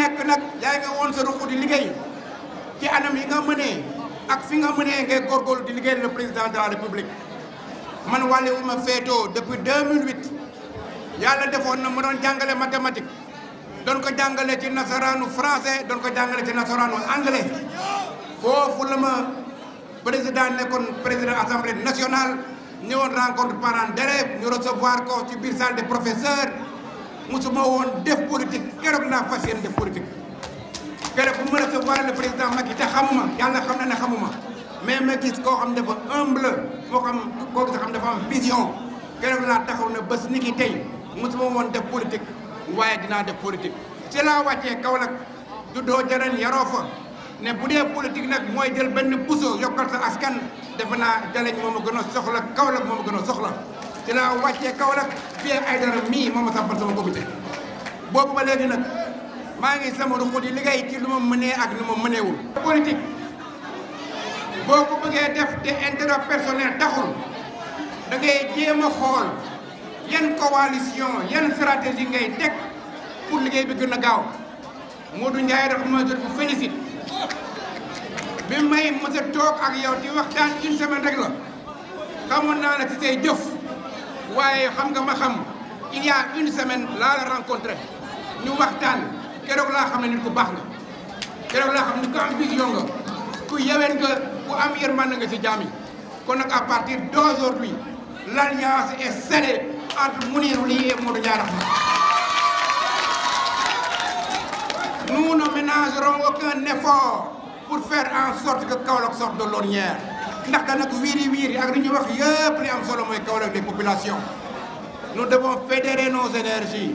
nekk nag yaay nga woon sa ruq liggéey ci anam yi nga mënee ak fi nga mënee ngay góorgóorlu di liggéey le président de la république man wàlle wu ma féetoo depuis 2008 yàlla defoon na mu doon jàngale mathématique doon ko jàngale ci nasaraanu français doon ko jàngale ci nasaraanu anglais foofu la ma président nekkoon président assemblée nationale ñëwoon rencontre parents d'élèves ñu recevoir ko ci biir salle des professeurs musuma woon def politique keroog naa fas yéene def voir le président Macky Sall te ma yàlla xam na ne xamuma mais Macky Sall ko xam dafa humble moo xam ko xam dafa am vision keroog la taxaw na bés ni ki tey mosuma woon def politique waye dina def politique ci la wacce kaw nak du do jaran yaro fa ne bu dee politique nak moy jël ben pousso yokal sa askan defe naa jaleñ moom a gën a soxla Kaolack moom a gën a soxla ci laa wàccee Kaolack fii Aïdara mii moom ma sàmpal sama comité boobu ba legui nak maa ngi sama ruq di liggéey ci lu ma mënee ak lu ma mëneewul. politique boo ko bëggee def te intérêt personnel taxul da ngay jéem a xool yan coalition yan stratégie ngay teg pour liggéey bi gën a gaaw Modou Ndiaye dafa ma jot bu bi may mës toog ak yow di waxtaan une semaine rek la xamoon naa la ci say jëf waaye xam nga ma xam il une semaine laa la rencontré ñu waxtaan. keroog la xamné nit ko bax nga keroog la xam ko ku am vision nga ku yewen nga ku am yermane nga ci jami kon nak à partir d'aujourd'hui l'alliance est scellée entre Mounirou Ly et Modou Diarra Nous ne ménagerons aucun effort pour faire en sorte que Kaolack sorte de l'ornière ndaxte nak wiri wiri ak li wax yépp li am solo moy Kaolack des populations nous devons fédérer nos énergies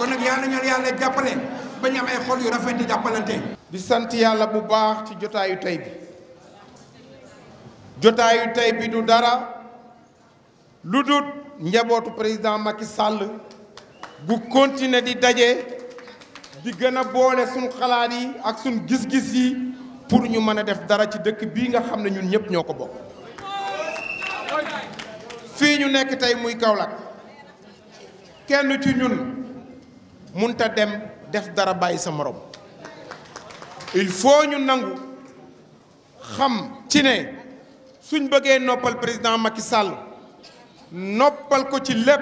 kon nag yal nañu yàlla jàppale ba ñu am ay xol yu rafet di jàppalante. di sant yàlla bu baax ci jotaayu tey bi jotaayu tey bi du dara lu dul njabootu président Macky sàll bu continuer di daje di gën a boole suñ xalaat yi ak suñ gis-gis yi pour ñu mën a def dara ci dëkk bii nga xam ne ñun ñëpp ñoo ko bokk. fii ñu nekk tey muy Kaolack kenn ci ñun. munta dem def dara bàyyi sa morom il faut ñu nangu xam ci ne suñ bëggee noppal président Macky Sall noppal ko ci lépp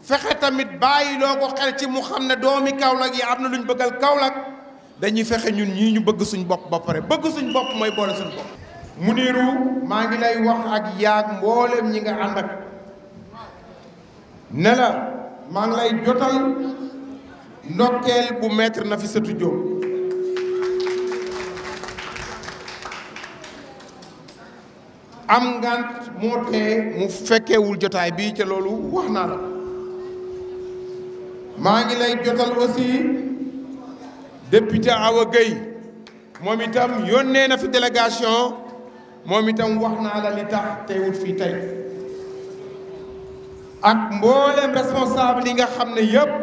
fexe tamit bàyyi loo ko xel ci mu xam ne doomi Kaolack yi am na luñ bëggal Kaolack dañuy fexe ñun ñii ñu bëgg suñ bopp ba pare bëgg suñ bopp mooy boole suñ bopp. Muniru maa ngi lay wax ak yaag mboolem ñi nga ànd ak ne la maa ngi lay jotal. ndokkeel bu maître Nafissatou Diop am ngant moo tee mu fekkewul jotaay bi ca loolu wax naa la maa ngi lay jotal aussi député Awa Gueye moom itam yónnee na fi délégation moom itam wax naa la li tax teewul fii tey ak mboolem responsable yi nga xam ne yëpp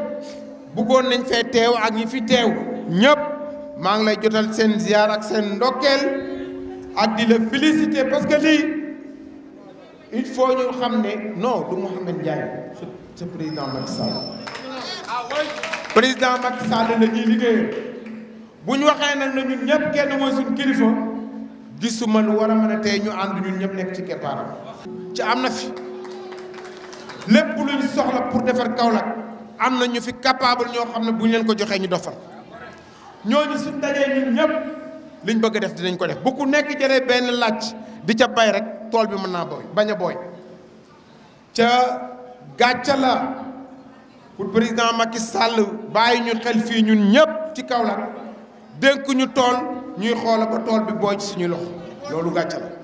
bëggoon nañ fee teew ak ñi fi teew ñëpp maa ngi lay jotal seen ziar ak seen ndokkeel ak di la féliciter parce que lii il faut ñu xam ne non du Mouhamed Ndiaye sa président Macky Sall président Macky Sall la ñuy liggéeyal bu ñu waxee nag na ñun ñëpp kenn mooy suñu kilifa gisuma lu war a mën a tey ñu ànd ñun ñëpp nekk ci keppaaram ci am na fi lépp luñ soxla pour defar kaw Kaolack am na ñu fi capable ñoo xam ne bu ñu leen ko joxee ñu dofal ñooñu suñ dajee ñun ñëpp liñ bëgg a def dinañ ko def bu ku nekk jëlee benn làcc di ca bay rek tool bi mën naa booy bañ a booy ca gàcca la pour président ma Macky Sall bàyyi ñu xel fii ñun ñëpp ci kaw Kaolack dénk ñu tool ñuy xoola ba tool bi booy ci suñuy loxo loolu gàcca